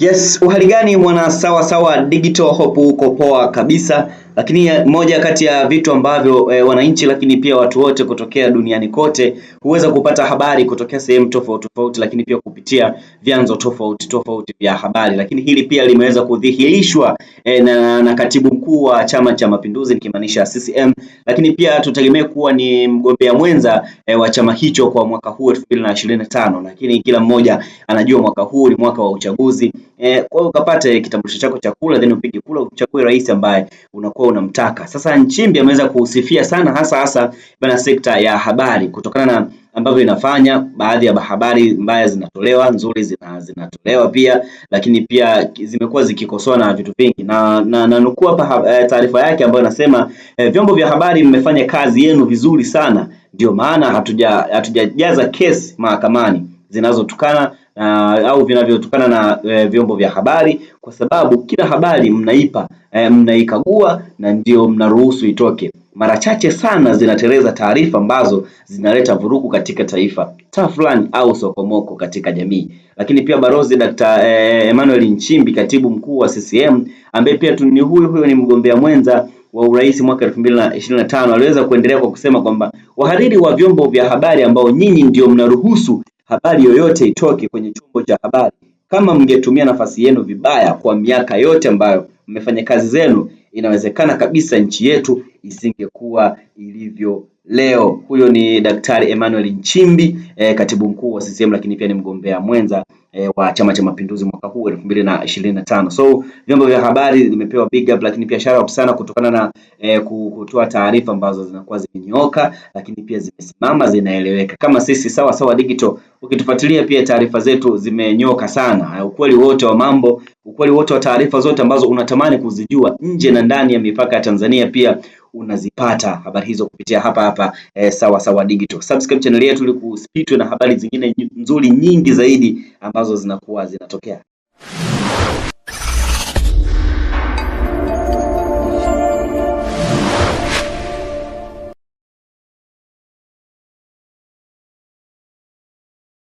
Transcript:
Yes, uhali gani mwana sawa sawa digital hope, uko poa kabisa. Lakini moja kati ya vitu ambavyo e, wananchi lakini pia watu wote kutokea duniani kote huweza kupata habari kutokea sehemu tofauti tofauti, lakini pia kupitia vyanzo tofauti tofauti vya habari, lakini hili pia limeweza kudhihirishwa e, na, na katibu mkuu wa Chama cha Mapinduzi nikimaanisha CCM, lakini pia tutegemee kuwa ni mgombea mwenza e, wa chama hicho kwa mwaka huu 2025, lakini kila mmoja anajua mwaka huu ni mwaka wa uchaguzi e, kwa hiyo ukapate kitambulisho chako cha kula then upige kula uchague rais ambaye unakuwa unamtaka. Sasa Nchimbi ameweza kusifia sana hasa hasa bana sekta ya habari kutokana na ambavyo inafanya baadhi ya habari mbaya zinatolewa, nzuri zina, zinatolewa pia, lakini pia zimekuwa zikikosoa na vitu vingi, na, na, na nukuu hapa eh, taarifa yake ambayo inasema eh, vyombo vya habari mmefanya kazi yenu vizuri sana, ndio maana hatujajaza hatuja kesi mahakamani zinazotukana na au vinavyotokana na e, vyombo vya habari kwa sababu kila habari mnaipa e, mnaikagua na ndio mnaruhusu itoke mara chache sana zinatereza taarifa ambazo zinaleta vurugu katika taifa, tafulani au sokomoko katika jamii. Lakini pia Balozi Dr. Eh, Emmanuel Nchimbi, katibu mkuu wa CCM, ambaye pia ni huyu huyo ni mgombea mwenza wa urais mwaka 2025 aliweza kuendelea kwa kusema kwamba wahariri wa vyombo vya habari ambao nyinyi ndio mnaruhusu habari yoyote itoke kwenye chombo cha habari, kama mngetumia nafasi yenu vibaya kwa miaka yote ambayo mmefanya kazi zenu, inawezekana kabisa nchi yetu isingekuwa ilivyo leo. Huyo ni Daktari Emmanuel Nchimbi e, katibu mkuu wa CCM lakini pia ni mgombea mwenza e, wa Chama cha Mapinduzi mwaka huu elfu mbili na ishirini na tano. So vyombo vya habari limepewa big up, lakini pia shout out sana kutokana na e, kutoa taarifa ambazo zinakuwa zimenyooka, lakini pia zimesimama, zinaeleweka. Kama sisi Sawa Sawa Digital, ukitufuatilia pia taarifa zetu zimenyoka sana, ukweli wote wa mambo, ukweli wote wa taarifa zote ambazo unatamani kuzijua nje na ndani ya mipaka ya Tanzania pia unazipata habari hizo kupitia hapa hapa e, sawa sawa digital. Subscribe channel yetu ili kusipitwe na habari zingine nzuri nyingi zaidi ambazo zinakuwa zinatokea.